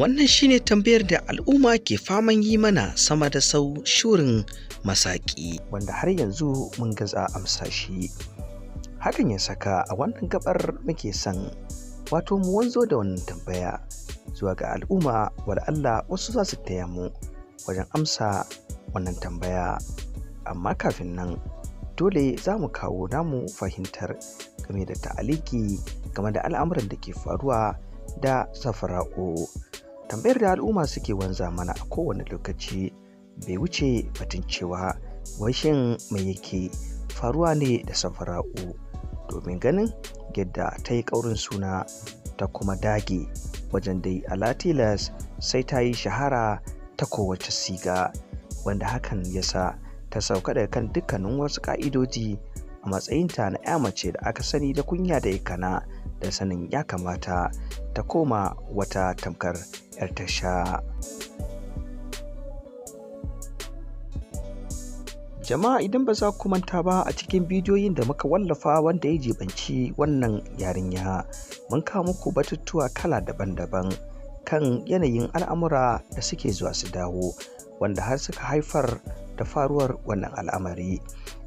Wannan shine tambayar da al'umma ke faman yi mana sama da sau shurin masaki wanda har yanzu mun gaza amsa shi. Hakan ya saka a wannan gabar muke son wato mu wanzo da wannan tambaya zuwa ga al'umma wadda Allah wasu za su taya mu wajen amsa wannan tambaya. Amma kafin nan dole za mu kawo namu fahimtar game da ta'aliki game da al'amuran da ke faruwa da safara'o tambayar da al'umma suke wanza mana a kowane lokaci bai wuce batun cewa washin mai yake faruwa ne da safara'u domin ganin yadda ta yi ƙaurin suna ta kuma dage wajen dai alatilas sai ta yi shahara ta kowace siga wanda hakan ya sa ta sauka daga kan dukkanin wasu ka'idoji. a matsayinta na 'ya mace da aka sani da kunya da ikana da sanin ya kamata ta koma wata tamkar 'yar tasha. jama'a idan ba za ku manta ba a cikin bidiyoyin da muka wallafa wanda ya jibanci wannan yarinya mun kawo muku batutuwa kala daban-daban kan yanayin al'amura da suke zuwa su dawo wanda har suka haifar da faruwar wannan al'amari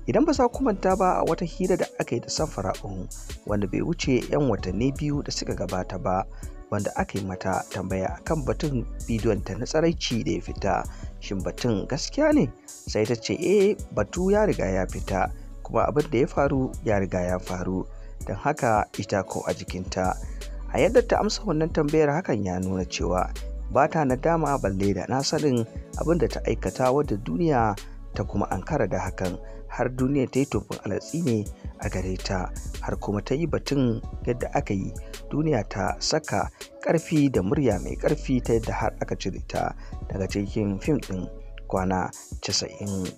idan ba sa kumanta ba a wata hira da aka yi da safara'un wanda bai wuce 'yan watanni biyu da suka gabata ba wanda aka yi mata tambaya akan batun bidiyon ta na tsaraici da ya fita shin batun gaskiya ne sai ta ce eh batu ya riga ya fita kuma abin da ya faru ya riga ya faru don haka ita ko a jikinta a yadda ta amsa wannan tambayar hakan ya nuna cewa ba ta nadama balle da na sanin abin da ta aikata wadda duniya ta kuma ankara da hakan har duniya ta yi tofin alatsi ne a gare ta har kuma ta yi batun yadda aka yi duniya ta saka ƙarfi da murya mai ƙarfi ta yadda har aka cire ta daga cikin fim ɗin kwana 90.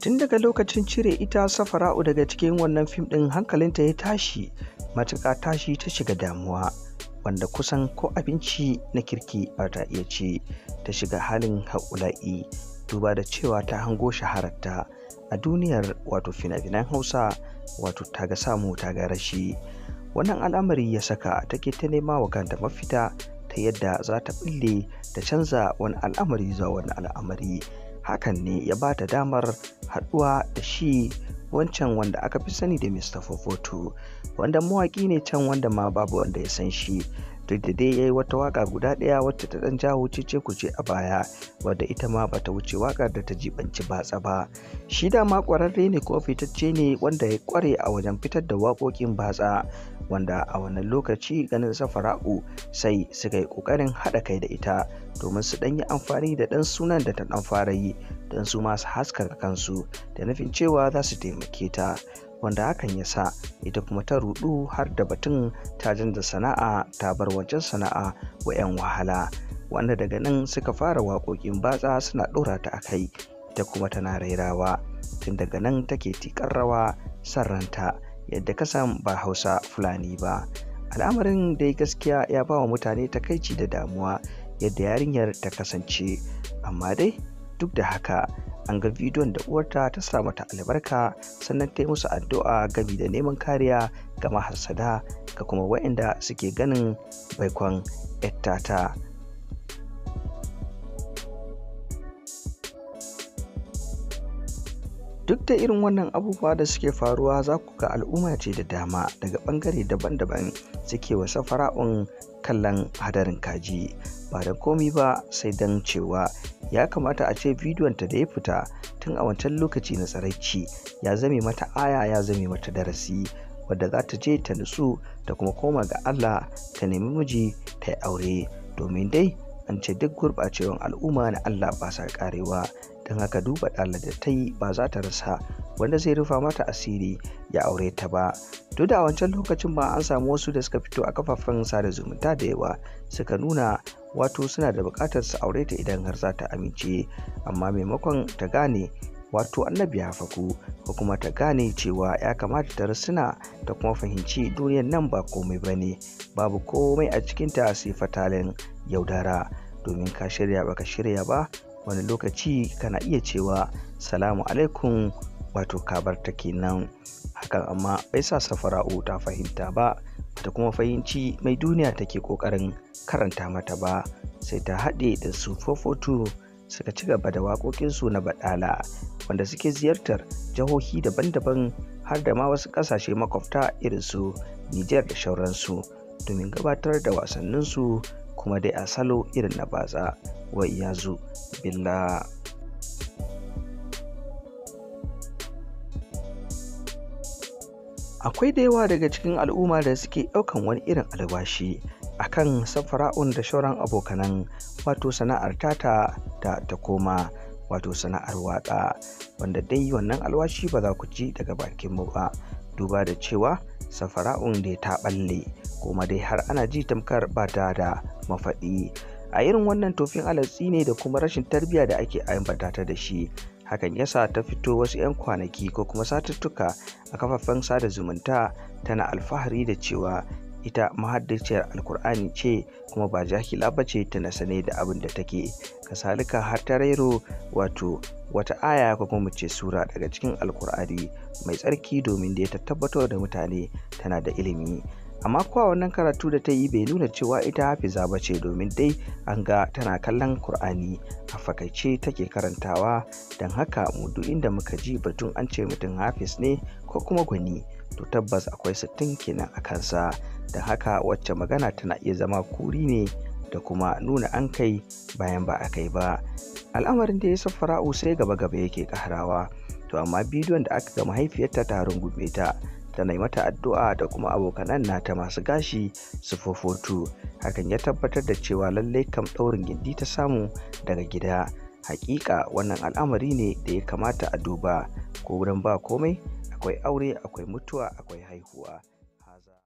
tun daga lokacin cire ita safara'u daga cikin wannan fim ɗin hankalinta ya tashi matuƙa tashi ta shiga damuwa wanda kusan ko abinci na kirki ba ta iya ce, ta shiga halin haƙula'i duba da cewa ta hango shahararta a duniyar wato fina-finan hausa wato ta ga samu ta ga rashi wannan al'amari ya saka take ta nema wa kanta mafita ta yadda za ta ɓille ta canza wani al'amari zuwa wani al'amari hakan ne ya ba ta damar haɗuwa da shi wancan wanda aka fi sani da Mr. Fofoto wanda mawaƙi ne can wanda ma babu wanda ya san shi duk da dai ya yi wata waka guda ɗaya wacce ta ɗan jawo cece kuce a baya wadda ita ma ba ta wuce waka da ta jibanci batsa ba shi da ma ƙwararre ne ko fitacce ne wanda ya kware a wajen fitar da waƙoƙin batsa wanda a wannan lokaci ganin safara'u sai suka yi ƙoƙarin haɗa kai da ita domin su ɗan yi amfani da ɗan sunan da ta ɗan fara yi don su masu haskaka kansu da nufin cewa za su taimake ta wanda hakan ya sa ita kuma ta rudu har da batun ta canza sana'a ta bar wancan sana'a wa 'yan wahala wanda daga nan suka fara waƙoƙin batsa suna ɗora ta a kai ita kuma tana rairawa tun daga nan take tikar rawa sarranta yadda kasan ba hausa fulani ba al'amarin dai gaskiya ya ba wa mutane takaici da damuwa yadda yarinyar ta kasance amma dai duk da haka an ga bidiyon da uwarta ta sa mata albarka sannan ta yi musu addu'a gami da neman kariya ga mahassada ga kuma wa'inda suke ganin baikon yattata duk da irin wannan abubuwa da suke faruwa za ku ga al'umma ce da dama daga ɓangare daban-daban suke wasa fara'un kallon hadarin kaji ba da komi ba sai don cewa ya kamata a ce bidiyonta da ya fita tun a wancan lokaci na tsaraici ya zame mata aya ya zame mata darasi wadda za ta je ta nutsu ta kuma koma ga Allah ta nemi miji ta yi aure domin dai an ce duk gurɓacewar al'umma na Allah ba sa karewa don haka duba ɗalar da ta yi ba za ta rasa wanda zai rufa mata asiri ya aure ta ba duk da wancan lokacin ba an samu wasu da suka fito a kafafen sada zumunta da yawa suka nuna wato suna da buƙatar su aure ta idan har za ta amince amma maimakon ta gane wato annabi ya faku ko kuma ta gane cewa ya kamata ta rasuna ta kuma fahimci duniyar nan ba komai ba ne babu komai a cikinta sai fatalin yaudara domin ka shirya baka shirya ba wani lokaci kana iya cewa salamu alaikum wato kabar ta kenan hakan amma bai sa safara'u ta fahimta ba ta kuma fahimci mai duniya take kokarin karanta mata ba sai ta haɗe da su fofoto suka ci gaba da waƙoƙinsu na baɗala wanda suke ziyartar jihohi daban-daban har da ma wasu ƙasashe makwabta irin su Nijar da shauransu domin gabatar da wasanninsu kuma dai a salo irin na batsa ya yazu billah akwai da yawa daga cikin al'umma da suke ɗaukan wani irin albashi a kan safara'un da shauran abokanan wato sana'ar tata da ta koma wato sana'ar waƙa wanda dai wannan alwashi ba za ku ci daga bakin mu ba duba da cewa safara'un da ta ɓalle, kuma dai har ana ji tamkar ba ta da mafaɗi a irin wannan tofin alatsi ne da kuma rashin tarbiyya da ake ambata da shi hakan yasa ta fito wasu 'yan kwanaki ko kuma satuttuka a kafafen sada zumunta tana alfahari da cewa ita mahaddaciyar alkur'ani ce kuma ba jahila ba ce tana sane da abin da take kasalika har ta rairo wato wata aya ko kuma mu ce sura daga cikin alkur'ani mai tsarki domin da ya tabbatar da mutane tana da ilimi amma kuwa wannan karatu da ta yi bai nuna cewa ita hafiza ba ce domin dai an ga tana kallon kur'ani a fakaice take karantawa don haka mu inda muka ji batun an ce mutum hafiz ne ko kuma gwani to tabbas akwai sittin kenan a kansa don haka wacce magana tana iya zama kuri ne da kuma nuna an kai bayan ba a kai ba al'amarin da ya safara'u sai gaba gaba yake kahrawa to amma bidiyon da aka ga mahaifiyarta taron gube ta da na yi mata addu'a da kuma abokanan nata masu gashi su fofotu hakan ya tabbatar da cewa lallai kam ɗaurin gindi ta samu daga gida hakika wannan al'amari ne da ya kamata a duba ko wurin ba komai akwai aure akwai mutuwa akwai haihuwa